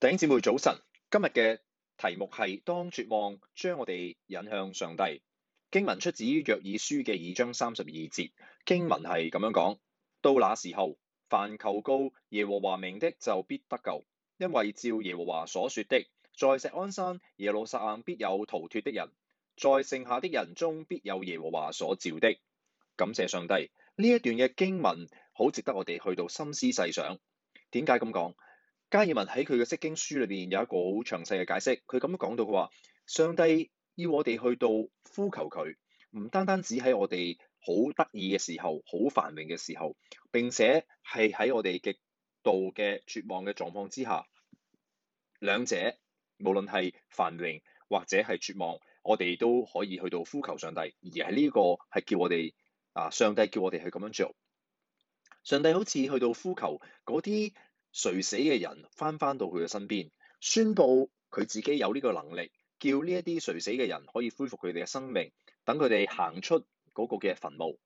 弟兄姊妹早晨，今日嘅題目係當絕望將我哋引向上帝。經文出自於約珥書嘅二章三十二節，經文係咁樣講：到那時候，凡求告耶和華名的就必得救，因為照耶和華所說的，在錫安山耶路撒冷必有逃脫的人，在剩下的人中必有耶和華所召的。感謝上帝，呢一段嘅經文好值得我哋去到深思細想。點解咁講？加爾文喺佢嘅釋經書裏邊有一個好詳細嘅解釋，佢咁樣講到佢話：上帝要我哋去到呼求佢，唔單單只喺我哋好得意嘅時候、好繁榮嘅時候，並且係喺我哋極度嘅絕望嘅狀況之下，兩者無論係繁榮或者係絕望，我哋都可以去到呼求上帝，而係呢個係叫我哋啊，上帝叫我哋去咁樣做。上帝好似去到呼求嗰啲。垂死嘅人翻返到佢嘅身邊，宣布佢自己有呢個能力，叫呢一啲垂死嘅人可以恢復佢哋嘅生命，等佢哋行出嗰個嘅墳墓。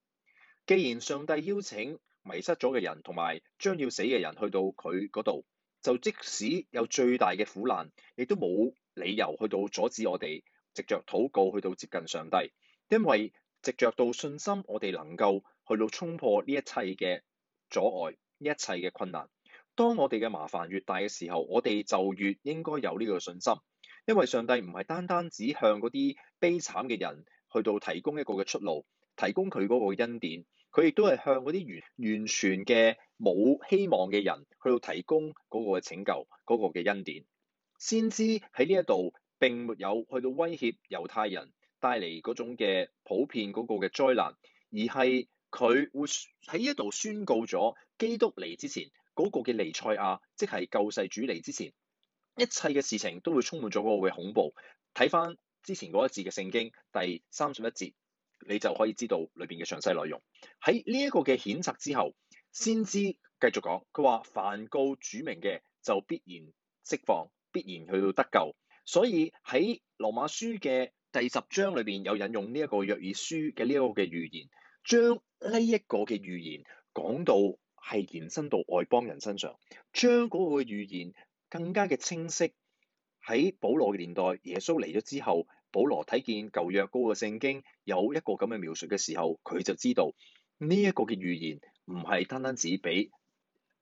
既然上帝邀請迷失咗嘅人同埋將要死嘅人去到佢嗰度，就即使有最大嘅苦難，亦都冇理由去到阻止我哋，藉着禱告去到接近上帝，因為藉着到信心，我哋能夠去到衝破呢一切嘅阻礙，呢一切嘅困難。當我哋嘅麻煩越大嘅時候，我哋就越應該有呢個信心，因為上帝唔係單單只向嗰啲悲慘嘅人去到提供一個嘅出路，提供佢嗰個恩典，佢亦都係向嗰啲完完全嘅冇希望嘅人去到提供嗰個嘅拯救嗰個嘅恩典。先知喺呢一度並沒有去到威脅猶太人，帶嚟嗰種嘅普遍嗰個嘅災難，而係佢會喺呢一度宣告咗基督嚟之前，嗰個嘅尼賽亞，即係救世主嚟之前，一切嘅事情都會充滿咗嗰個嘅恐怖。睇翻之前嗰一節嘅聖經第三十一節，你就可以知道裏邊嘅詳細內容。喺呢一個嘅譴責之後，先知繼續講，佢話凡告主名嘅就必然釋放，必然去到得救。所以喺羅馬書嘅第十章裏邊有引用呢一個約珥書嘅呢一個嘅預言，將呢一個嘅預言講到。係延伸到外邦人身上，將嗰個嘅預言更加嘅清晰。喺保羅嘅年代，耶穌嚟咗之後，保羅睇見舊約嗰個聖經有一個咁嘅描述嘅時候，佢就知道呢一個嘅預言唔係單單只俾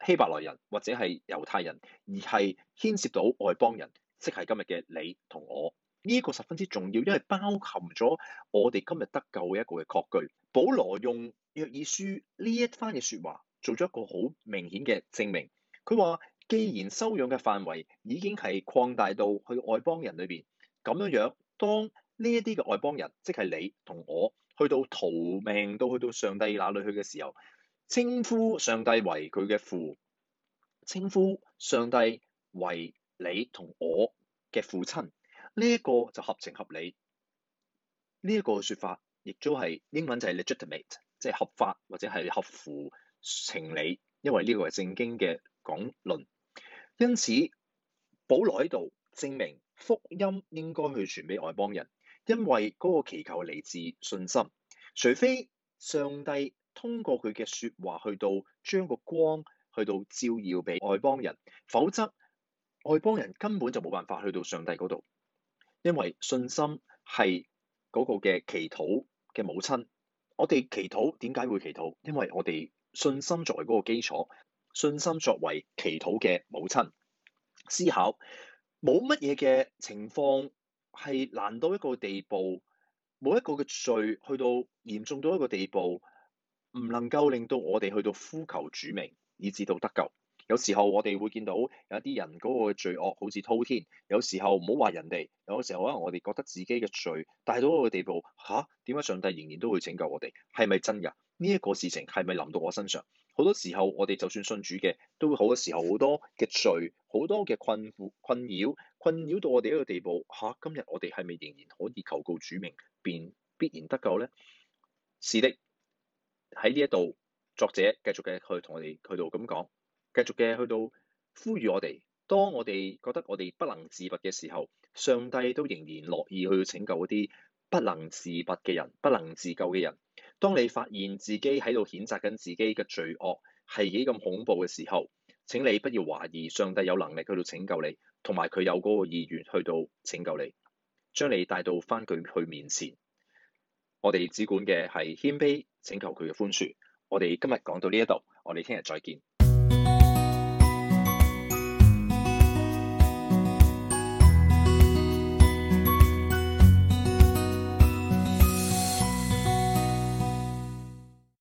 希伯來人或者係猶太人，而係牽涉到外邦人，即係今日嘅你同我。呢一個十分之重要，因為包含咗我哋今日得救一個嘅確據。保羅用約爾書呢一番嘅説話。做咗一個好明顯嘅證明。佢話：既然收養嘅範圍已經係擴大到去外邦人裏邊咁樣樣，當呢一啲嘅外邦人，即係你同我，去到逃命到去到上帝那裏去嘅時候，稱呼上帝為佢嘅父，稱呼上帝為你同我嘅父親，呢一個就合情合理。呢一個説法亦都係英文就係 legitimate，即係合法或者係合乎情理，因為呢個係正經嘅講論。因此保羅喺度證明福音應該去傳俾外邦人，因為嗰個祈求係嚟自信心，除非上帝通過佢嘅說話去到將個光去到照耀俾外邦人，否則外邦人根本就冇辦法去到上帝嗰度。因為信心係嗰個嘅祈禱嘅母親，我哋祈禱，點解會祈禱？因為我哋。信心作為嗰個基礎，信心作為祈禱嘅母親。思考，冇乜嘢嘅情況係難到一個地步，冇一個嘅罪去到嚴重到一個地步，唔能夠令到我哋去到呼求主名，以致到得救。有時候我哋會見到有一啲人嗰個罪惡好似滔天，有時候唔好話人哋，有時候可能我哋覺得自己嘅罪大到一個地步，吓，點解上帝仍然都會拯救我哋？係咪真㗎？呢一個事情係咪臨到我身上？好多，多時候，我哋就算信主嘅，都會好多時候好多嘅罪、好多嘅困苦、困擾、困擾到我哋一個地步嚇、啊。今日我哋係咪仍然可以求告主名，便必然得救咧？是的，喺呢一度，作者繼續嘅去同我哋去，去到咁講，繼續嘅去到呼籲我哋，當我哋覺得我哋不能自拔嘅時候，上帝都仍然樂意去拯救一啲不能自拔嘅人、不能自救嘅人。當你發現自己喺度譴責緊自己嘅罪惡係幾咁恐怖嘅時候，請你不要懷疑上帝有能力去到拯救你，同埋佢有嗰個意願去到拯救你，將你帶到返佢去面前。我哋只管嘅係謙卑請求佢嘅寬恕。我哋今日講到呢一度，我哋聽日再見。